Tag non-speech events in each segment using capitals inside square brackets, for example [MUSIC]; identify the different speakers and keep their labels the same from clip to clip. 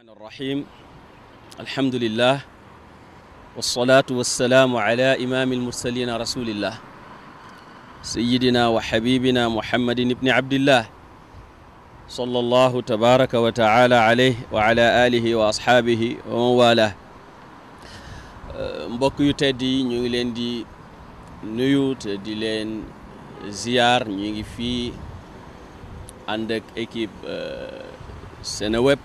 Speaker 1: الرحمن الرحيم الحمد لله والصلاة والسلام على إمام المرسلين رسول الله سيدنا وحبيبنا محمد بن عبد الله صلى الله تبارك وتعالى عليه وعلى آله وأصحابه ومن والاه mbokk yu tedd yi ñu ngi leen di nuyu te di leen ziyaar ñu ngi fii ànd ak équipe Seneweb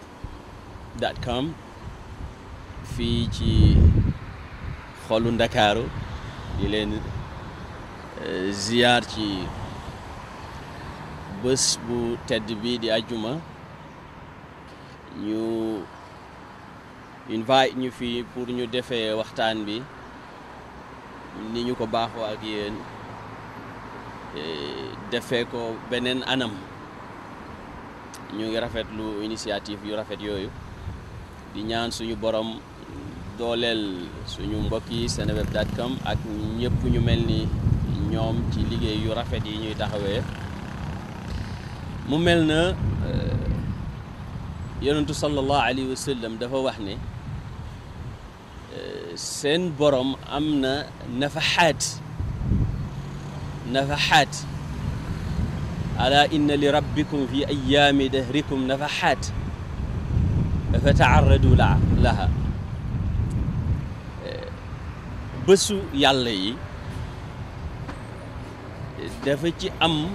Speaker 1: dot com fii ci xolu ndakaaru di leen eh, ziyaar ci bés bu tedd bii di ajjuma ñu invite ñu fii pour ñu defee waxtaan bi ni ñu ko baaxoo ak yéen eh, defee ko beneen anam ñu ngi rafetlu initiative yu rafet yooyu di ñaan suñu borom dooleel suñu mbokk yi seneweb.com ak ñëpp ñu mel ni ñoom ci liggéey yu rafet yi ñuy taxawee mu mel na euh, yonentu sallallahu alayhi wa dafa wax ne euh, seen borom am na nafaxaat nafaxaat ala inna li rabbikum fi ayaami dahrikum nafaxaat fataarradu laha bésu yàlla yi dafa ci am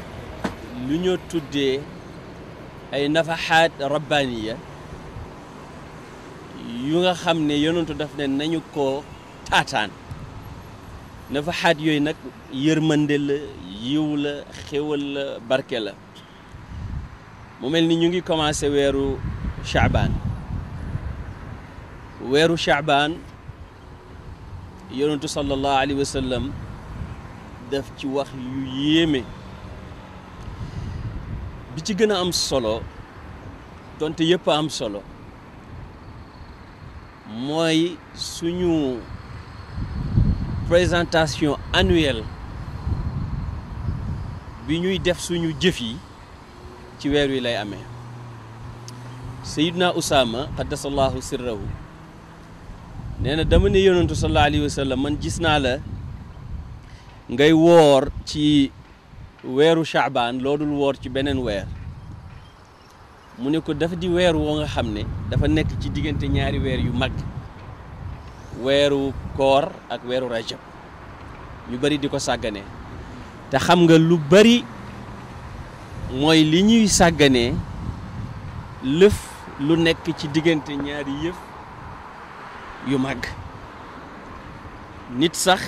Speaker 1: lu ñoo tuddee ay nafaxaat rabbaaniya yu nga xam ne yonentu daf ne nañu ko taataan nafaxaat yooyu nag yërmande la yiw la xéwal la barke la mu mel ni ñu ngi commencé weeru Chaabaan weeru chaabaan yonentu sallallahu alayhi wa def ci wax yu yéeme bi ci gën a am solo donte yëpp a am solo mooy suñu présentation annuelle bi ñuy def suñu jëf yi ci weer wi lay amee Seydina Usaama qaddasallahu sirrahu neena na dama ne yonantu sallallahu alayhi wa man gis naa la ngay woor ci weeru chaabaan loodul woor ci beneen weer mu ne ko dafa di weer woo nga xam ne dafa nekk ci diggante ñaari weer yu mag weeru koor ak weeru rajab ñu bari di ko sàggane te xam nga lu bari mooy li ñuy sàgganee lëf lu nekk ci diggante ñaari yëf yu màgg nit sax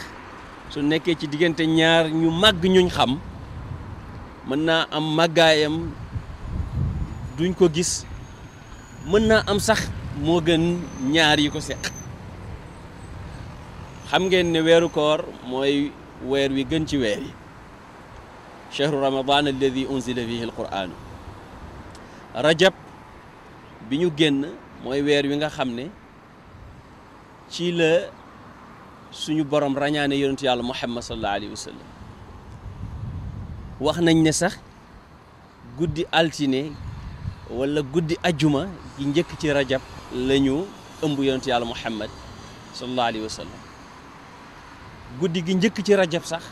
Speaker 1: su nekkee ci diggante ñaar ñu màgg ñuñ xam mën naa am màggaayam duñ ko gis mën naa am sax moo gën ñaar yi ko seq xam ngeen ne weeru koor mooy weer wi gën ci weer yi chahru ramadan alladi unzila fihi alquranu rajab bi ñu génn mooy weer wi nga xam ne ci la suñu borom rañaane yonentu yàlla muhammad sallallahu alayhi wa sallam wax nañ ne sax guddi altine wala guddi ajjuma gi njëkk ci rajab lañu ñu ëmb yonentu yàlla muhammad sallallahu alayhi wa sallam guddi gi njëkk ci rajab sax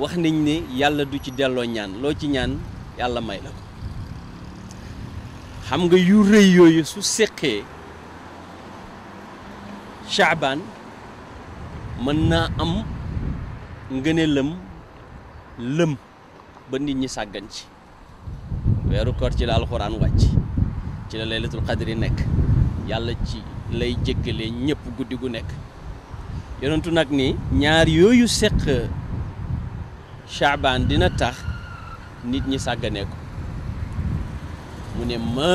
Speaker 1: wax nañ ne yàlla du ci delloo ñaan loo ci ñaan yàlla may la ko xam nga yu rëy yooyu su séqee Chaabaan mën naa am ngëne lëm lëm ba nit ñi sàggan ci weeru koor ci la alxuraan wàcc ci la laylatul xadri nekk yàlla ci lay jéggalee ñëpp guddi gu nekk yonentu nag ni ñaar yooyu seq Chaabaan dina tax nit ñi sàgganee ko mu ne ma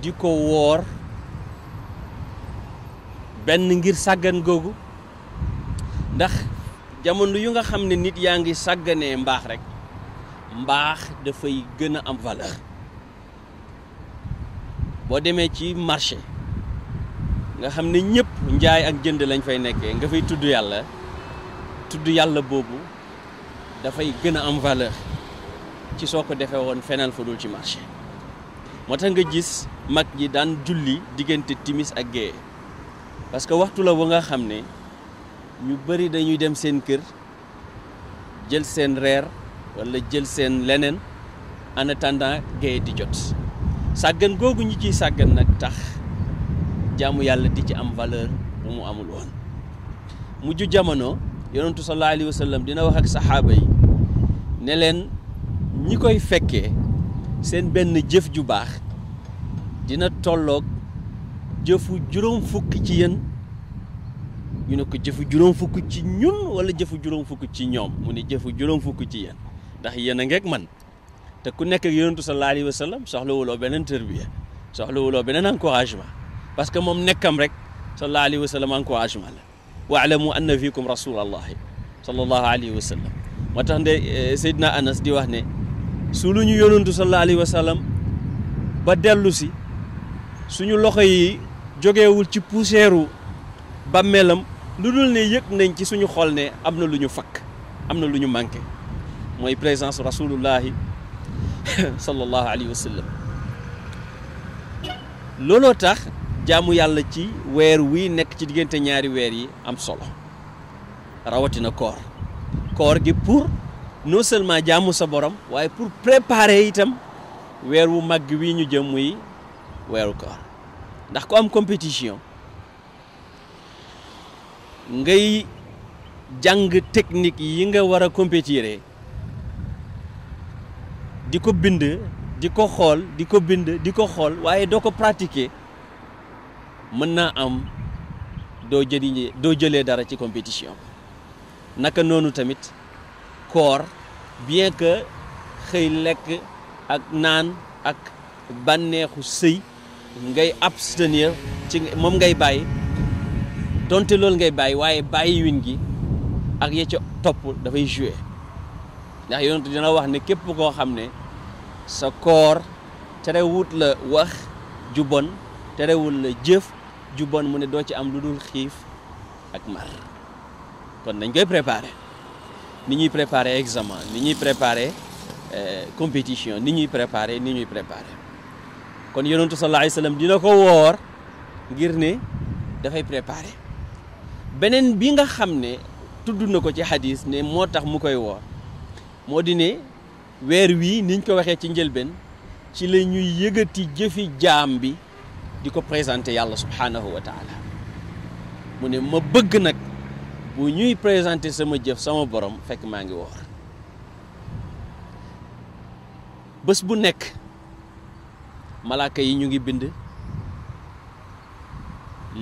Speaker 1: di ko woor benn ngir sàggan googu ndax jamono yu nga xam ne nit yaa ngi sàgganee mbaax rek mbaax dafay gën a am valeur boo demee ci marché nga xam ne ñëpp njaay ak jënd lañ fay nekkee nga fay tudd yàlla tudd yàlla boobu dafay gën a am valeur ci soo ko defee woon feneen fu dul ci marché moo tax nga gis mag ji daan julli diggante timis ak géeye parce que waxtu la ba nga xam ne ñu bari dañuy dem seen kër jël seen reer walla jël seen leneen en attendant gaye di jot sàggan googu ñu ciy sàggan nag tax jàmm yàlla di ci am valeur bu mu amul woon mujj jamono yonentu sallallahu alayhi wa sallam dina wax ak saxaaba yi ne leen ñi koy fekkee seen benn jëf ju baax dina tolloog jëfu juróom fukk ci yéen ñu ne ko jëfu juróom fukk ci ñun wala jëfu juróom fukk ci ñoom mu ne jëfu juróom fukk ci yéen ndax yéen a man te ku nekk ak yonentu sallallahu alayhi wa sallam soxlawuloo beneen tërbiya soxlawuloo beneen encouragement parce que moom nekkam rek sallallahu alayhi wa sallam encouragement la waalamu anna fikum rasulallahi sallallahu alayhi wa sallam moo tax nde eh, Anas di wax ne su lu ñu yonentu sallallahu alayhi wa sallam ba dellu si suñu loxo yi jogewul ci poussière bàmmeelam lu dul ne yëg nañ ci suñu xol ne am na lu ñu fakk am na lu ñu manqué mooy présence rasulullahi [LAUGHS] sallallahu alayhi wa looloo tax jaamu yàlla ci weer wii nekk ci diggante ñaari weer yi am solo rawatina koor koor gi pour non seulement jaamu sa borom waaye pour préparer itam weer wu màgg wii ñu jëm muy weeru koor ndax ko am compétition ngay jàng technique yi nga war a compétire di ko bind di ko xool di ko bind di ko xool waaye doo ko pratiquer mën naa am doo jëriñee doo jëlee dara ci compétition naka noonu tamit koor bien que xëy lekk ak naan ak bànneexu sëy ngay abstenir ci moom ngay bàyyi donte loolu ngay bàyyi waaye bàyyi win gi ak ya ca topp dafay jouer ndax yonent dina wax ne képp koo xam ne sa koor terewut la wax ju bon terewul la jëf ju mu ne doo ci am lu dul xiif ak mar kon dañ koy préparer ni ñuy préparer examen ni ñuy préparer euh, compétition ni ñuy préparer ni ñuy préparer kon yonentu sallallahu alayhi wasallam dina ko woor ngir ne dafay préparer beneen bi nga xam ne tudd na ko ci xadis ne moo tax mu koy woor moo di ne weer wii niñ ko waxee ci njëlbeen ci la ñuy yëgati jëfi jaam bi di ko présenter yàlla subhaanahu wa taala mu ne ma bëgg nag bu ñuy présenter sama jëf sama borom fekk maa ngi woor bés bu nekk malaaka yi ñu ngi bind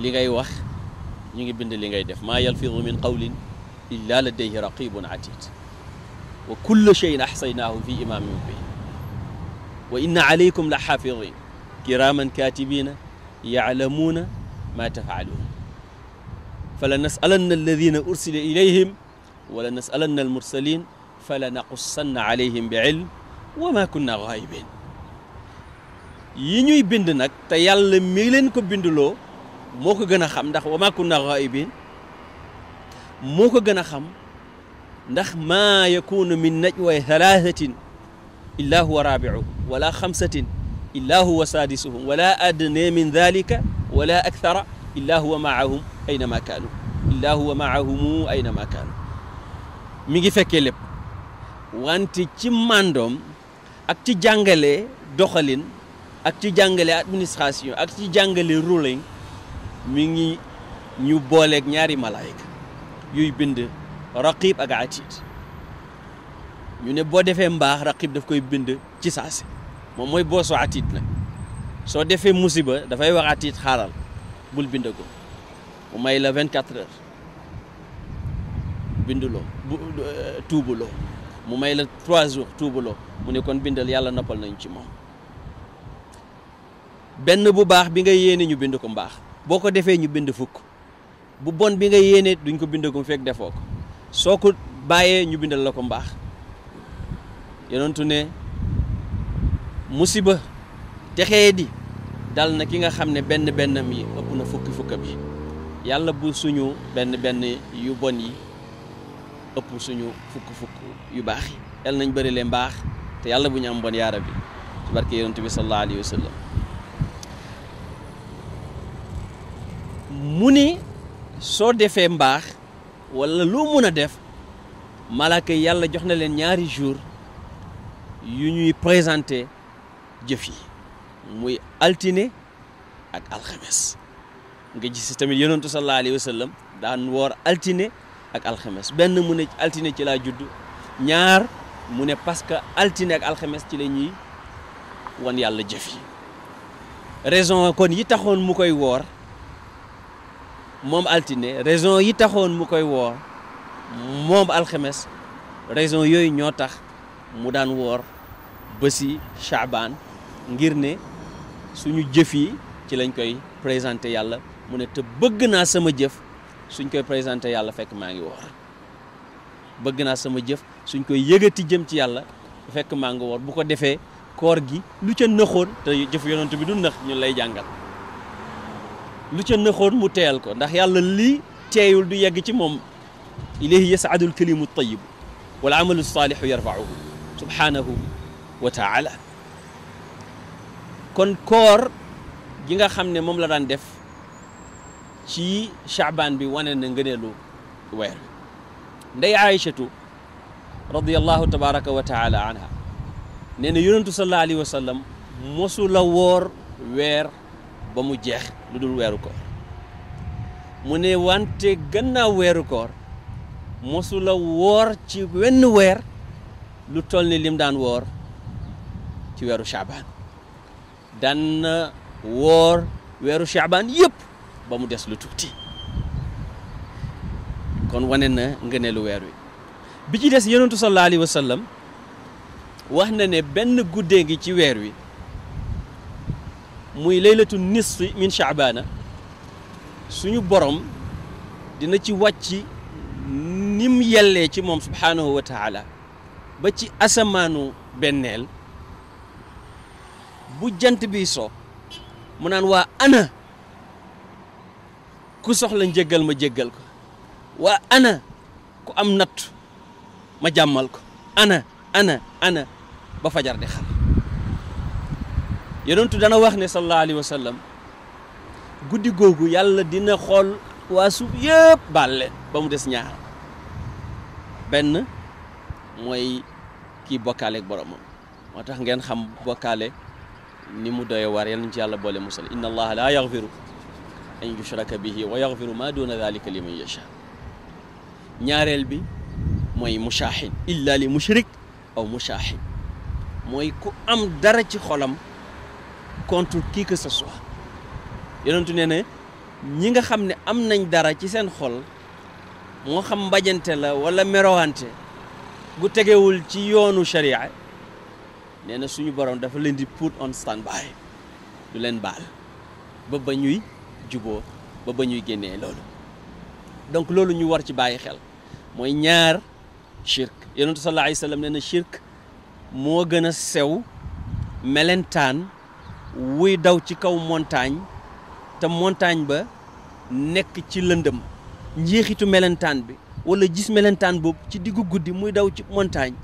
Speaker 1: li ngay wax ñu ngi bind li ngay def maa yalfidu min qawlin illa ladayhi raqibun atid wa kulla cheyin axsaynaahu fi imaamin mubin wa inna alaykum la xaafidin kiraaman kaatibina yaalamuuna maa tafaaluun fala nasalanna alladina ursila ilayhim wala nasalanna almursalin fala naqussanna alayhim bi ilm wa ma kunna gaayibin yi ñuy bind nag te yàlla mi leen ko bindloo moo ko gën a xam ndax wa maa kunna ghaa'ibin moo ko gën a xam ndax maa yakunu min najwa thalathatin illaa huwa raabi'uhum wala xamsatin illaa huwa saadisuhum wala adna min dhalika wala akthara illaa huwa ma'ahum aynama kaanu illaa huwa ma'ahum aynama kaanu mi ngi fekkee lépp wante ci màndoom ak ci jàngale doxalin ak ci jàngale administration ak ci jàngale ruling mi ngi ñu booleeg ñaari malaayka yuy bind raqib ak atid ñu ne boo defee mbaax raqib daf koy bind ci saase moom mooy boosu atid nag soo defee musiba dafay wax atid xaaral bul bind ko mu may la 24 heures binduloo bu euh, tuubuloo mu may la trois jours tuubuloo mu ne kon bindal yàlla noppal nañu ci moom benn bu baax bi nga yéene ñu bind ko mbaax boo ko defee ñu bind fukk bu bon bi nga yéene duñ ko bind ko fekk defoo ko soo ko bàyyee ñu bindal la ko mbaax yonentu ne musiba texee di dal na ki nga xam ne benn bennam yi ëpp na fukki fukk bi yàlla bu suñu benn benn yu bon yi ëpp suñu fukk fukk yu baax yi yàlla nañ bëri leen mbaax te yàlla bu ñu am bon yaara bi ci barke yonentu bi sallallahu alayhi wa mu ni soo defee mbaax walla loo mën a def malaaka yàlla jox na leen ñaari jour yu ñuy présenté jëf yi muy altine ak alxames nga si tamit yonentu sallallahu alayhi wa sallam daan woor altine ak alxames benn mu ne altine ci laa juddu ñaar mu ne parce que altine ak alxames ci la ñuy wan yàlla jëf yi raison kon yi taxoon mu koy woor moom altine raison yi taxoon mu koy woor moom alxemes raison yooyu ñoo tax mu daan woor ba si Chaabaan ngir ne suñu jëf yi ci lañ koy présenté yàlla mu ne te bëgg naa sama jëf suñ koy présenté yàlla fekk maa ngi woor bëgg naa sama jëf suñ koy yëgati jëm ci yàlla fekk maa ngi woor bu ko defee koor gi lu ca nëxoon te jëf yonent bi du nëx ñu lay jàngal lu ca nëxoon mu teyal ko ndax yàlla li teeyul du yegg ci moom ilayhi yasaadul kalimu tayibu wal amalu saalihu yarfauhu subhanahu wa taala kon koor gi nga xam ne moom la daan def ci chaabaan bi wane na ngëneelu weer ndey aïchatu radiallahu tabaraka wa taala anha nee na yonentu sallallahu la woor weer ba mu jeex lu dul weeru koor mu ne wante gannaaw weeru koor mosula woor ci wenn weer lu toll ni lim daan woor ci weeru caabaan daan woor weeru caabaan yépp ba mu des lu tuuti kon wane na lu weer wi bi ci des yonentu sallallahu alayhi wa sallam wax na ne benn guddee ngi ci weer wi muy laylatu nisfi min chaabaana suñu borom dina ci wàcc nim yellee ci moom subhaanahu wa taala ba ci asamaanu benneel bu jant bi so mu naan waa ana ku soxla njëggal ma jéggal ko waa ana ku am natt ma jàmmal ko ana ana ana ba fajar di xar yonentu dana wax ne sallallahu alayhi wa sallam guddi googu yàlla dina xool waa suuf yëpp baal ba mu des ñaar benn mooy kii bokkaale ak moo tax ngeen xam bokkaale ni mu doye waar yal nañ ci yàlla boole musal inna allaha la yaxfiru an yushraka bihi wa yaxfiru ma duna dalika liman yasha ñaareel bi mooy mushaahin illa li mushrik aw mushaahin mooy ku am dara ci xolam contre qui que ce soit yonentu na ñi nga xam ne am nañ dara ci seen xol moo xam mbajante la walla merowante gu tegewul ci yoonu sharia nee na suñu borom dafa leen di put on standby du leen baal ba ba ñuy juboo ba ba ñuy génnee loolu donc loolu ñu war ci bàyyi xel mooy ñaar shirk yonentu sallallahu alayhi wa sallam nee shirk moo gën a sew melentaan wuy daw ci kaw montagne te montagne ba nekk ci lëndëm njeexitu melentaan bi wala jis melentaan boobu ci diggu guddi muy daw ci montagne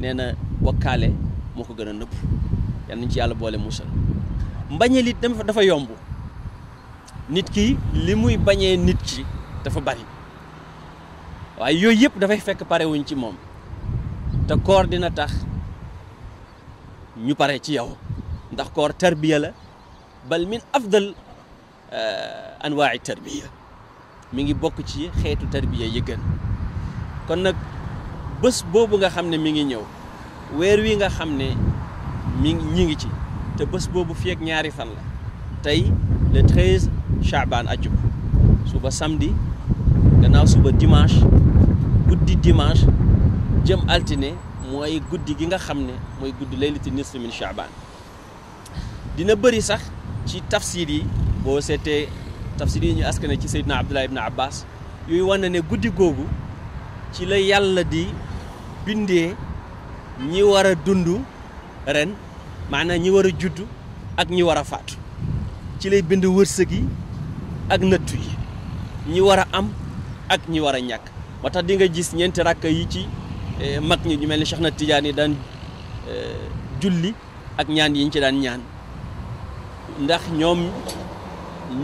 Speaker 1: nee na bokkaale moo ko gën a nëpp yal nañ ci yàlla boole musal mbañeel it dafa dafa yomb nit ki li muy bañee nit ki dafa bari waaye yooyu yëpp dafay fekk parewuñ ci moom te koor dina tax ñu pare ci yow ndax koor tarbiya la bal min afdal eh, anwaai tarbiya mi ngi bokk ci xeetu tarbiya yi gën kon nag bés boobu nga xam ne mi ngi ñëw weer wi nga xam ne mi ngi ñi ngi ci te bés boobu fi ñaari fan la tey le 13 Chaban ajub suba samdi gannaaw suba dimanche guddi dimanche jëm altine mooy guddi gi nga xam ne mooy guddi laylati nisfi min Chaban dina bëri sax ci tafsir yi boo seetee tafsir yi ñu askane ci Seydina Abdullah ibn Abbas yooyu wane ne guddi googu ci la yàlla di bindee ñi war a dund ren maanaa ñi war a judd ak ñi war a faatu ci lay bind wërsëg yi ak nëttu yi ñi war a am ak ñi war a ñàkk moo tax di nga gis ñeenti rakk yi ci eh, mag ñi ñu mel ni Cheikh na Tidiane yi daan eh, julli ak ñaan yi ñu ci daan ñaan ndax ñoom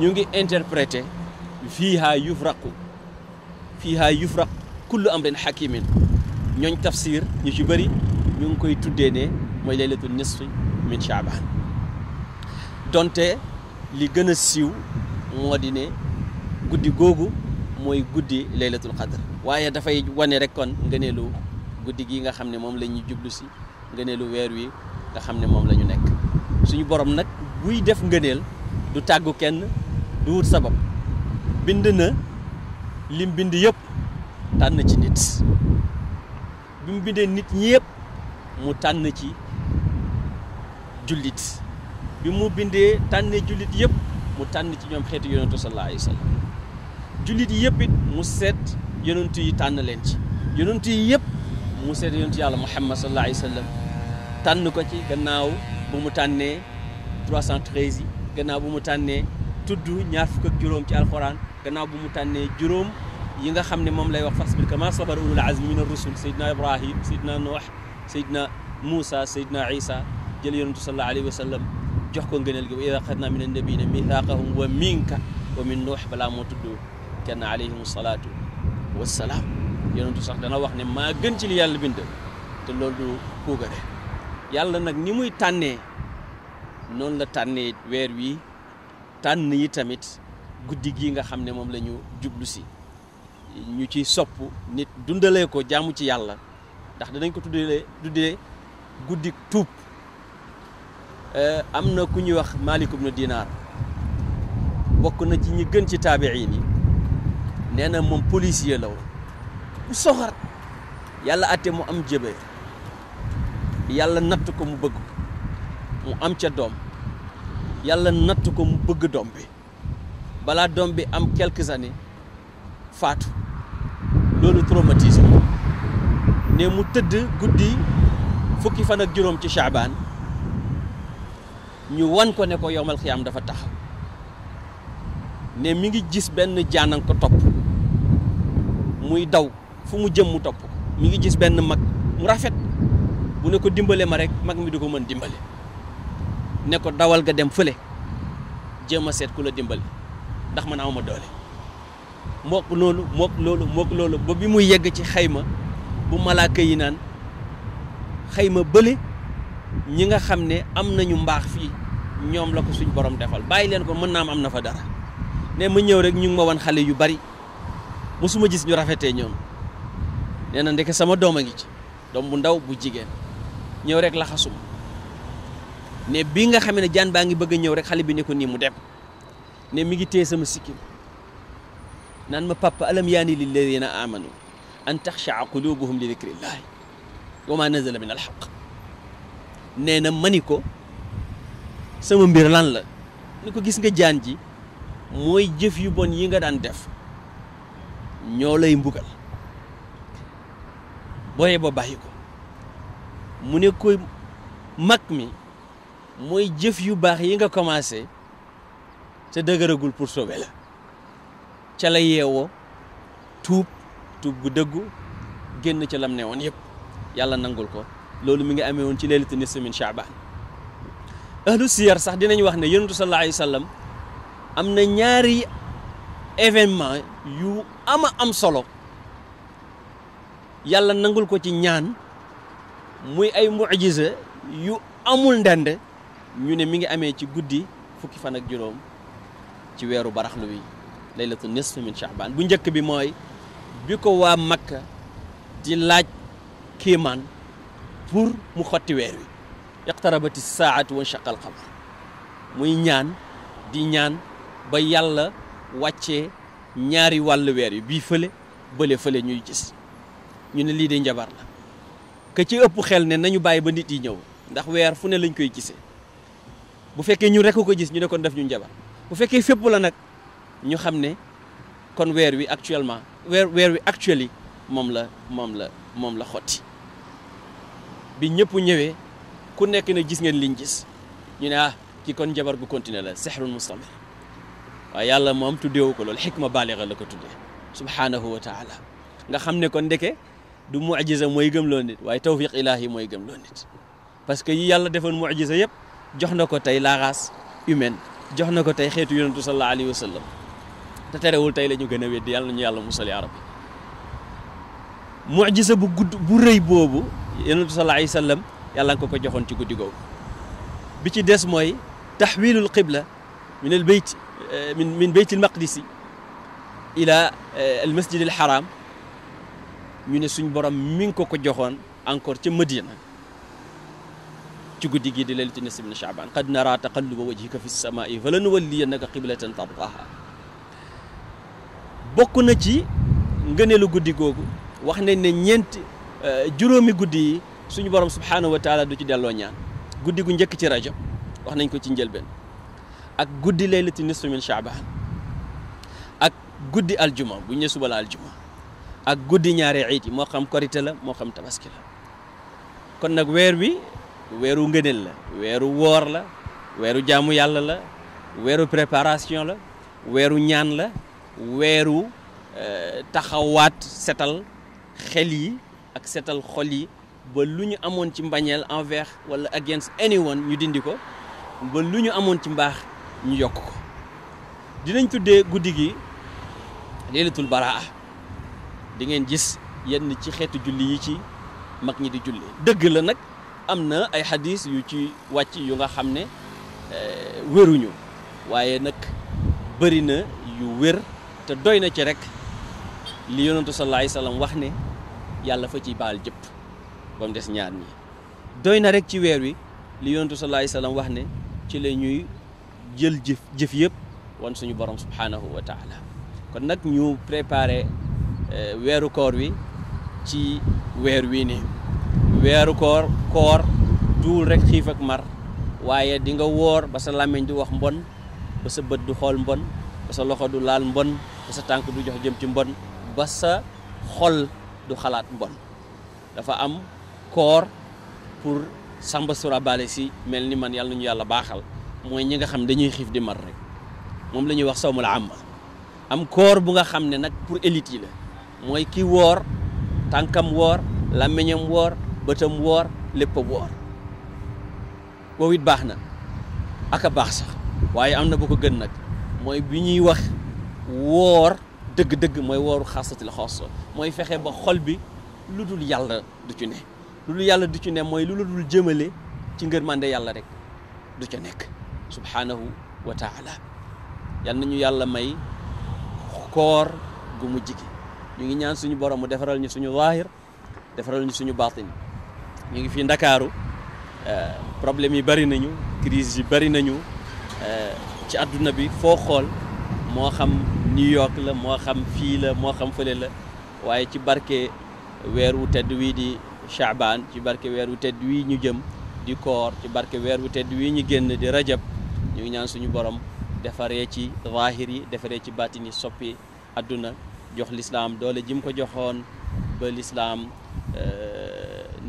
Speaker 1: ñu ngi interprété fiiha yufraqu fiiha yufraq kullu amrin hakimin ñooñ tafsir ñu ci bari ñu ngi koy tuddee ne mooy laylatul nisfi min chaaban donte li gën a siiw moo di ne guddi googu mooy guddi laylatul qadr waaye dafay wane rek kon ngëneelu guddi gi nga xam ne moom la ñuy jublu si ngëneelu weer wi nga xam ne moom lañu nekk suñu borom nag buy def ngëneel du tàggu kenn du wut sabab bind na lim bind yëpp tànn ci nit bi mu bindee nit ñëpp mu tànn ci jullit bi mu bindee tànnee jullit yëpp mu tànn ci ñoom xeetu yonentu sallallahu alayhi wa jullit yëpp mu seet yonentu yi tànn leen ci yonentu yi yëpp mu seet yonentu yàlla muhammad sallallahu alayhi wa sallam tànn ko ci gannaaw bu mu tànnee 313 yi gannaaw bu mu tànnee tudd ñaar fukk juróom ci alxuraan gannaaw bu mu tànnee juróom yi nga xam ne moom lay wax fasbir kama sabara ulul azmi min ar-rusul sayyidina ibrahim sayyidina nuux sayyidina muusa sayyidina isa jël yonentu sallallahu alayhi wa sallam jox ko ngëneel gi wa ida xadna min annabiyina mithaqahum wa minka wa min nuux balaa moo tudd kenn alayhim salaatu wasalaam yonentu sax dana wax ne maa gën ci li yàlla bind te loolu du kuugare yàlla nag ni muy noonu la tànnee weer wi tànn yi tamit guddi gi nga xam ne moom lañu jublu si ñu ci sopp nit dundalee ko jaamu ci yàlla ndax danañ ko tuddee tuddee guddi tuub eh, am na ku ñuy wax Maalik ibnu Dinaar bokk na ci ñi gën ci taabiin yi nee na moom policier la bu soxar yàlla atte mu am jëbe yàlla natt ko mu bëgg mu am ca doom yàlla natt ko mu bëgg doom bi balaa doom bi am quelques années faatu loolu traumatisme ne mu tëdd guddi fukki fan ak juróom ci Chaabaan ñu wan ko ne ko yowmal xiyaam dafa tax ne mi ngi gis benn jaanan ko topp muy daw fu mu jëm mu topp mi ngi gis benn mag mu rafet bu ne ko dimbale ma rek mag mi du ko mën dimbale ne ko dawal nga dem fële jéem a seet ku la dimbali ndax man awma doole mook loolu mook loolu mook loolu ba bi muy yegg ci xayma bu malaaka yi naan xayma bële ñi nga xam ne am nañu mbaax fii ñoom la ko suñ borom defal bàyyi leen ko mën naa am am na fa dara ne ma ñëw rek ñu ngi ma wan xale yu bari mosuma gis ñu rafetee ñoom nee na ndeke sama doom a ngi ci doom bu ndaw bu jigéen ñëw rek laxasuma ne bii nga xamee ne jaan baa ngi bëgg a ñëw rek xale bi ne ko nii mu dem ne mi ngi téye sama sikkim naan ma papa alam yaani lilladina amanu an taxshaa qulubuhum li dikrillahi wa ma nazala min alxaq nee na mani ko sama mbir lan la ni ko gis nga jaan ji mooy jëf yu bon yi nga daan def ñoo lay mbugal booyee ba bàyyi ko mu ne ko mi mooy jëf yu baax yi nga commencé te dëgëragul pour sauver la ca la yeewoo tuub tuub gu dëggu génn ca lam ne woon yëpp yàlla nangul ko loolu mu ngi amee woon ci leelatu nisfi min Chaaban ahlu siyar sax dinañ wax ne yonentu sallallahu alayhi wa sallam am na ñaari événement yu ama am solo yàlla nangul ko ci ñaan muy ay mujisa yu amul ndend ñu ne mi ngi amee ci guddi fukki fan ak juróom ci weeru baraxlu wi laylatu nisf min shahban bu njëkk bi mooy bi ko waa Makka di laaj kiimaan pour mu xotti weer wi iqtarabati saatu wan shaqal qamar muy ñaan di ñaan ba yàlla wàcce ñaari wàll weer wi bii fële bële fële ñuy gis ñu ne lii de njabar la ka ci ëpp xel ne nañu bàyyi ba nit yi ñëw ndax weer fu ne lañ koy gisee bu fekkee ñu rekk ko gis ñu ne kon def ñu njabar bu fekkee fépp la nag ñu xam ne kon weer wi actuellement weer weer wi actuellement moom la moom la moom la xotti bi ñëpp ñëwee ku nekk ne gis ngeen liñ gis ñu ne ah ki kon njabar gu continuer la sehrun mustamir waaye yàlla moom tuddeewu ko loolu xikma baaliga la ko tu tuddee subhaanahu wa taala nga xam ne kon ndeke du mujiza mooy gëm loo nit waaye tawfiq ilaahi mooy gëm loo nit parce que yi yàlla defoon mujiza yëpp jox na ko tey la race jox na ko tey xeetu yonentu sallallahu alayhi wa sallam te terewul tey la ñu gën a weddi yàlla nañu yàlla musal yaa rabbi mujisa bu gudd bu rëy boobu yonentu sallallahu alayhi yàlla nga ko ko joxoon ci guddi googu bi ci des mooy taxwilul qibla min al bayt eh, min min bayt al maqdisi ila eh, al masjid al haram ñu ne suñ borom mi ngi ko ko joxoon encore ci Madina ci guddi gii di leylatu nisfi min chaaban qad nara taqalluba wajhika fi samaai fa lanuwalliyannaka qiblatan tardaha bokk na ci ngëneelu guddi googu wax nañ ne ñeenti euh, juróomi guddi yi suñu borom subhaanahu wa taala du ci delloo ñaan guddi gu njëkk ci rajo wax nañ ko ci njëlbeen ak guddi leylatu nisfi min chaaban ak guddi aljuma bu ñu ne suba ak guddi ñaari iid yi moo xam korite moo xam tabaski kon nag weer wi weeru ngëneel la weeru woor la weeru jaamu yàlla la weeru préparation la weeru ñaan la weeru euh, taxawaat setal xel yi ak setal xol yi ba lu ñu amoon ci mbañeel envers wala against anyone ñu dindi ko ba lu ñu amoon ci mbaax ñu yokk ko dinañ tuddee guddi gi leelatul baraa di ngeen gis yenn ci xeetu julli yi ci mag ñi di julli dëgg la nag am na ay xadis yu ci wàcc yu nga xam ne eh, wéruñu waaye nag bëri na yu wér te doy na ci rek li yonentu sallallahu alayhi wasallam wax ne yàlla fa ci baal jëpp ba des ñaar ñi doy na rek ci weer wi li yonentu sallallahu alayhi wax ne ci la ñuy jël jëf jëf yëpp wan suñu borom subhanahu wa taala kon nag ñu préparer eh, weeru koor wi ci weer wii nii weeru koor koor duul rek xiif ak mar waaye di nga woor ba sa làmmiñ du wax mbon ba sa bët du xool mbon ba sa loxo du laal mbon ba sa tànk du jox jëm ci mbon ba sa xol du xalaat mbon dafa am koor pour samba surabaale si mel ni man yàlla ñu yàlla baaxal mooy ñi nga xam dañuy xiif di mar rek moom la ñuy wax sawmul am am koor bu nga xam ne nag pour élite yi la mooy ki woor tànkam woor làmmiñam woor bëtam woor lépp woor boobu baax na ak a baax sax waaye am na bu ko gën nag mooy bi ñuy wax woor dëgg-dëgg mooy wooru xaasati la xoosso mooy fexe ba xol bi lu dul yàlla du ci ne lu dul yàlla du ci ne mooy lu la dul jëmale ci ngërmande yàlla rek du ca nekk subhaanahu wa taala yal nañu yàlla may koor gu mu gi ñu ngi ñaan suñu borom mu defaral ñu suñu zaahir defaral ñu suñu baatin ñu ngi fii ndakaaru euh, problème yi bari nañu crise yi bari nañu euh, ci àdduna bi foo xool moo xam New York la moo xam fii la moo xam fële la waaye ci barke weer wu tedd wii di Chaabaan ci barke weer wu tedd wii ñu jëm di koor ci barke weer wu tedd wii ñu génn di rajab ñu ngi ñaan suñu borom defaree ci zaahir yi defaree ci baatin yi soppi àdduna jox lislaam doole jim ko joxoon ba lislaam euh,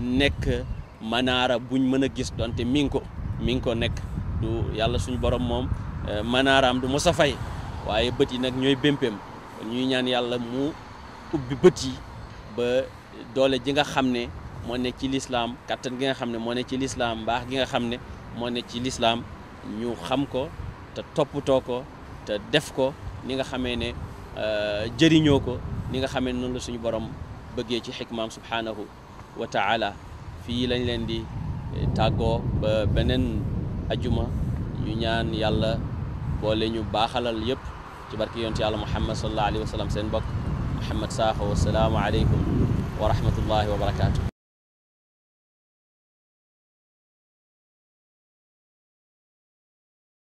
Speaker 1: nekk manaara buñ mën a gis donte mi ngi ko mi ko nekk du yàlla suñu borom moom eh, manaaraam du mos fay waaye bët yi nag ñooy bémpéem ñuy ñaan yàlla mu ubbi bët yi ba doole ji nga xam ne moo nekk ci lislaam kattan gi nga xam ne moo ne ci lislaam mbaax gi nga xam ne moo ne ci lislaam ñu xam ko te toppatoo ko te def ko ni nga xamee ne eh, jëriñoo ko ni nga xamee ne noonu la suñu borom bëggee ci xikmaam subhaanahu wa taala fii lañ leen di eh, tàggoo ba beneen ajuma ñu ñaan yàlla boole ñu baaxalal yëpp ci barki yonent yàlla muhammad sallallahu alayhi wa sallam seen mbokk muhammad saaxo wasalaamu aleykum wa rahmatullahi wa barakaatu